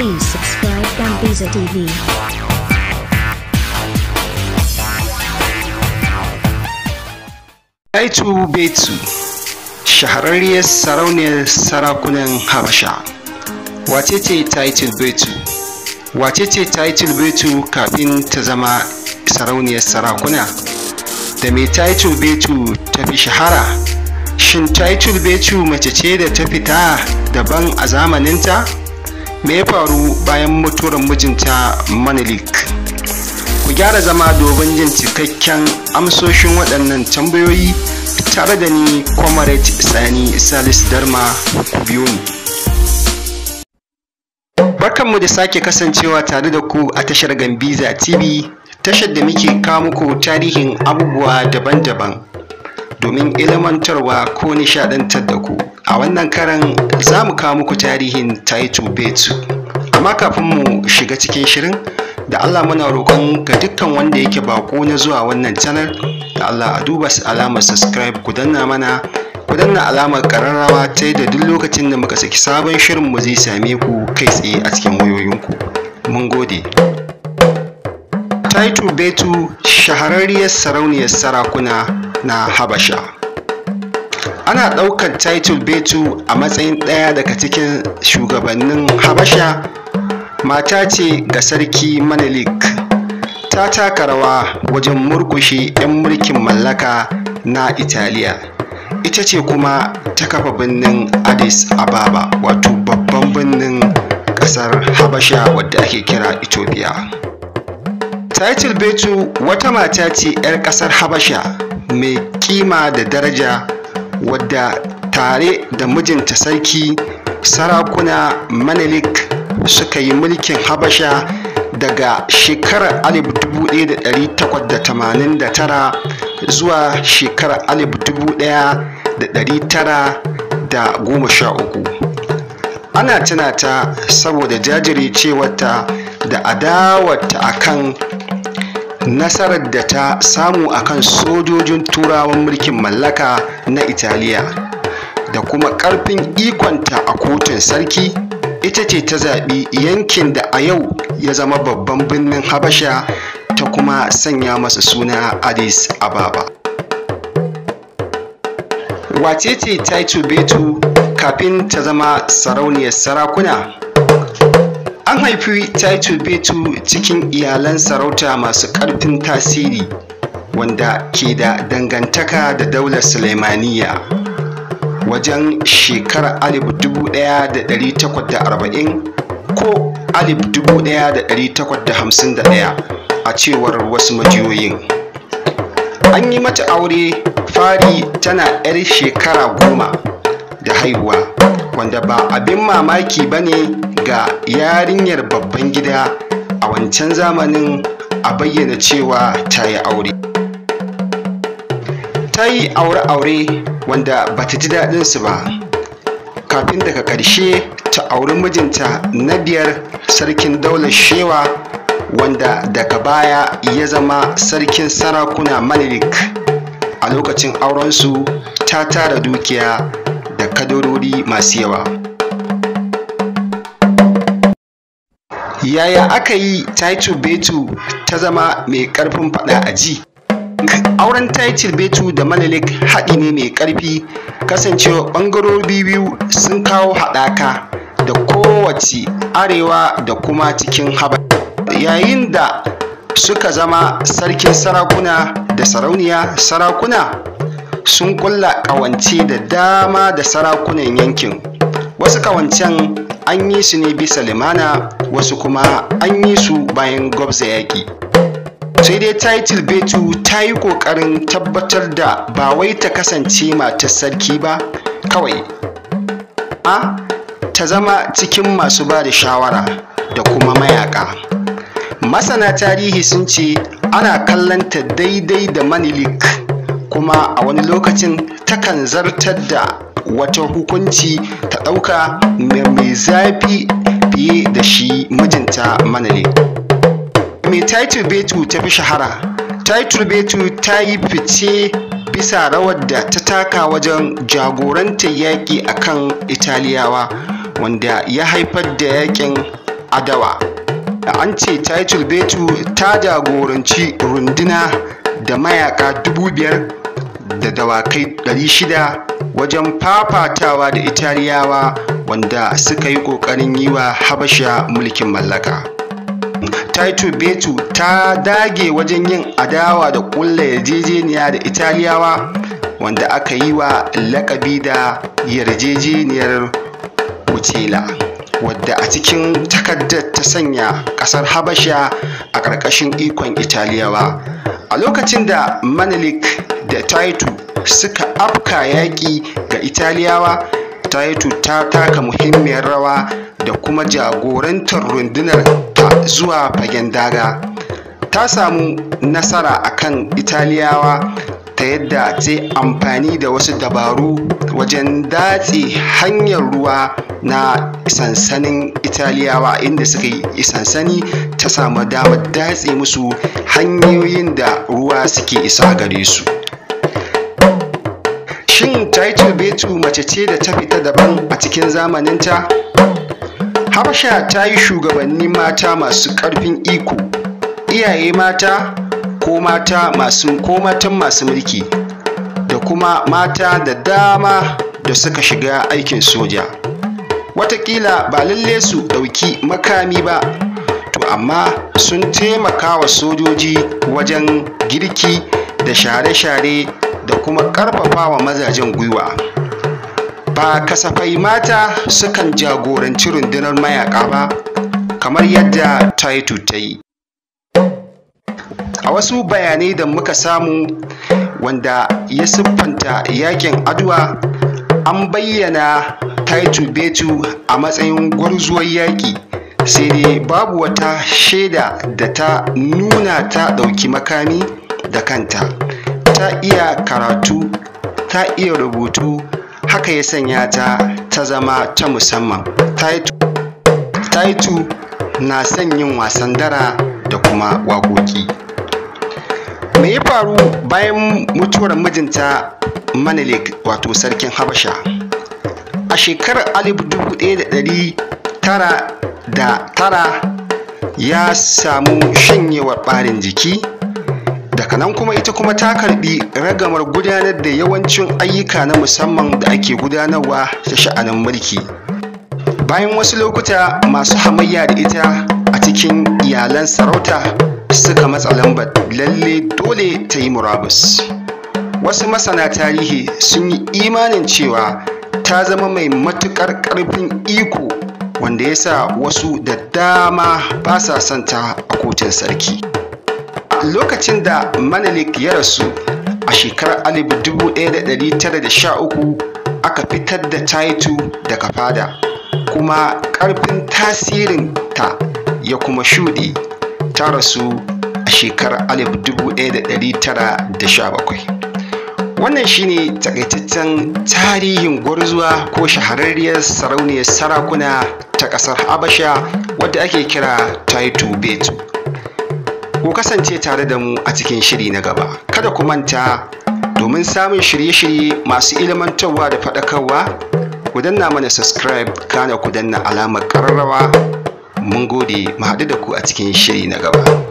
Please subscribe Gambiza TV. Aitu Betu shahararriyar sarauniyar sarakunan Habasha wace ce Title Betu wace ce Title Betu kafin ta zama sarauniyar sarakuna da me Title Betu ta fi shahara shin Title Betu mace ce da ta fita daban a zamaninta? me ya faru bayan mutuwar mijinta manelik ku gyara zama domin jin cikakken amsoshin waɗannan tambayoyi tare da ni comrade sani salis darma ku biyo ni barkanmu da sake kasancewa tare da ku a tashar gambiza tv tashar da muke kawo muku tarihin abubuwa daban-daban domin ilimantarwa ko nishadantar da ku a wannan karan za mu kawo muku tarihin taito betu amma kafin mu shiga cikin shirin da allah muna roƙon ga dukkan wanda yake bako na zuwa wannan channel da allah a duba alamar subscribe ku danna mana ku alamar ƙararrawa ta da duk lokacin da muka saki sabon shirin mu zai same ku kai tsaye a cikin wayoyinku mun gode taito Betu shahararriyar sarauniyar sarakuna na Habasha. ana ɗaukar title betu a matsayin ɗaya daga cikin shugabannin habasha mata ce ga sarki manelik ta taka rawa wajen murkushe 'yan mulkin mallaka na italiya ita ce kuma ta kafa birnin addis ababa wato babban birnin ƙasar habasha wadda ake kira ethiopia Titul betu wata mata ce 'yar ƙasar habasha mai kima da daraja wadda tare da mijinta sarki sarakuna manelik suka yi mulkin habasha daga shekarar 1889 zuwa shekarar 1913 ana tuna ta saboda wata da adawarta akan nasarar da ta samu akan sojojin turawan mulkin mallaka na italiya da kuma ƙarfin ikonta a kotun sarki ita ce ta zaɓi yankin da a yau ya zama babban birnin habasha ta kuma sanya masa suna addis ababa wacece taitu betu kafin ta zama sarauniyar sarakuna An haifi Titu Betu cikin iyalan sarauta masu ƙarfin tasiri wanda ke da dangantaka da daular Sulaimaniya. Wajen shekara 1840 ko 1851 a cewar wasu majiyoyin. An yi mata aure fari tana 'yar shekara goma da haihuwa wanda ba abin mamaki ba ne ga yarinyar babban gida a wancan zamanin a bayyana cewa ta yi aure ta yi aure-aure wanda ba ta ji daɗinsu ba kafin daga ƙarshe ta auri mijinta na biyar sarkin daular shewa wanda daga baya ya zama sarkin sarakuna Malik a lokacin aurensu ta tara dukiya da kadorori masu yawa yaya aka yi title betu ta zama mai karfin fada a ji auren title betu da manalik haɗi ne mai ƙarfi kasancewa ɓangarori biyu sun kawo haɗaka da kowace arewa da kuma cikin haba yayin da suka zama sarkin sarakuna da sarauniya sarakuna sun kulla ƙawance da dama da sarakunan yankin wasu ƙawancen an yi su ne bisa limana wasu kuma an yi su bayan gwabza yaƙi sai dai title betu ta yi ƙoƙarin tabbatar da ba wai ta kasance mata sarki ba kawai a ta zama cikin masu ba da shawara da kuma mayaka masana tarihi sun ce ana kallonta daidai da manilik kuma a wani lokacin takan zartar da wata hukunci ta ɗauka mai zafi fiye da shi mijinta manale Me title betu ta fi shahara title betu ta yi fice bisa rawar da ta taka wajen jagorantar yaƙi a kan italiyawa wanda ya haifar da yaƙin adawa an ce title betu ta jagoranci runduna da mayaka dubu biyar da dawakai 600 wajen fafatawa da italiyawa wanda suka yi ƙoƙarin yi wa habasha mulkin mallaka Taito Betu ta dage wajen yin adawa da ƙulla yarjejeniya da Italiyawa wanda aka yi wa lakabi da yarjejeniyar Wutela wadda a cikin takardar ta sanya ƙasar Habasha a ƙarƙashin ikon Italiyawa. A lokacin da manilik da Taito suka afka yaƙi ga italiyawa taitu ta taka muhimmiyar rawa da kuma jagorantar rundunar ta zuwa fagen daga ta samu nasara akan italiyawa ta yadda ta amfani da wasu dabaru wajen datse hanyar ruwa na sansanin italiyawa inda suka yi sansani ta samu damar datse musu hanyoyin da ruwa suke isa gare su Shin Taitu Betu mace ce da ta fita daban a cikin zamaninta? Harsha ta yi shugabanni mata masu ƙarfin iko, iyaye mata ko mata masu ko matan masu mulki, da kuma mata da dama da suka shiga aikin soja. Wataƙila ba lalle su ɗauki makami ba, to amma sun taimaka wa sojoji wajen girki da share-share kuma ƙarfafa wa mazajen gwiwa ba kasafai mata sukan jagoranci rundunar mayaka ba kamar yadda taitu ta yi a wasu bayanai da muka samu wanda ya siffanta yakin adwa an bayyana taitu betu a matsayin gwarzuwar yaƙi sai dai babu wata shaida da ta nuna ta ɗauki makami da kanta ta iya karatu ta iya rubutu haka ya sanya ta ta zama ta musamman taitu na son yin wasan dara da kuma waƙoƙi me ya faru bayan mutuwar mijinta manilik wato sarkin habasha a shekarar tara, ya samu shanyewar ɓarin jiki daga nan kuma ita kuma ta karbi ragamar gudanar da yawancin ayyuka na musamman da ake gudanarwa ta sha'anin mulki bayan wasu lokuta masu hamayya da ita a cikin iyalan sarauta suka matsa lambar lalle dole ta yi murabus wasu masana tarihi sun yi imanin cewa ta zama mai matukar ƙarfin iko wanda ya sa wasu da dama ba sa son ta a kotun sarki lokacin da manalik ya rasu a shekarar 1913 aka fitar da Taitu daga fada kuma ƙarfin tasirinta ya kuma shuɗe ta rasu a shekarar 1917. wannan shine takaitaccen tarihin gwarzuwa ko shahararriyar sarauniyar sarakuna ta ƙasar habasha wadda ake kira taitu betu ku kasance tare da mu a cikin shiri na gaba kada ku manta domin samun shirye-shirye masu ilmantarwa da faɗakarwa ku danna mana subscribe kana ku danna alamar ƙararrawa mun gode mu haɗu da ku a cikin shiri na gaba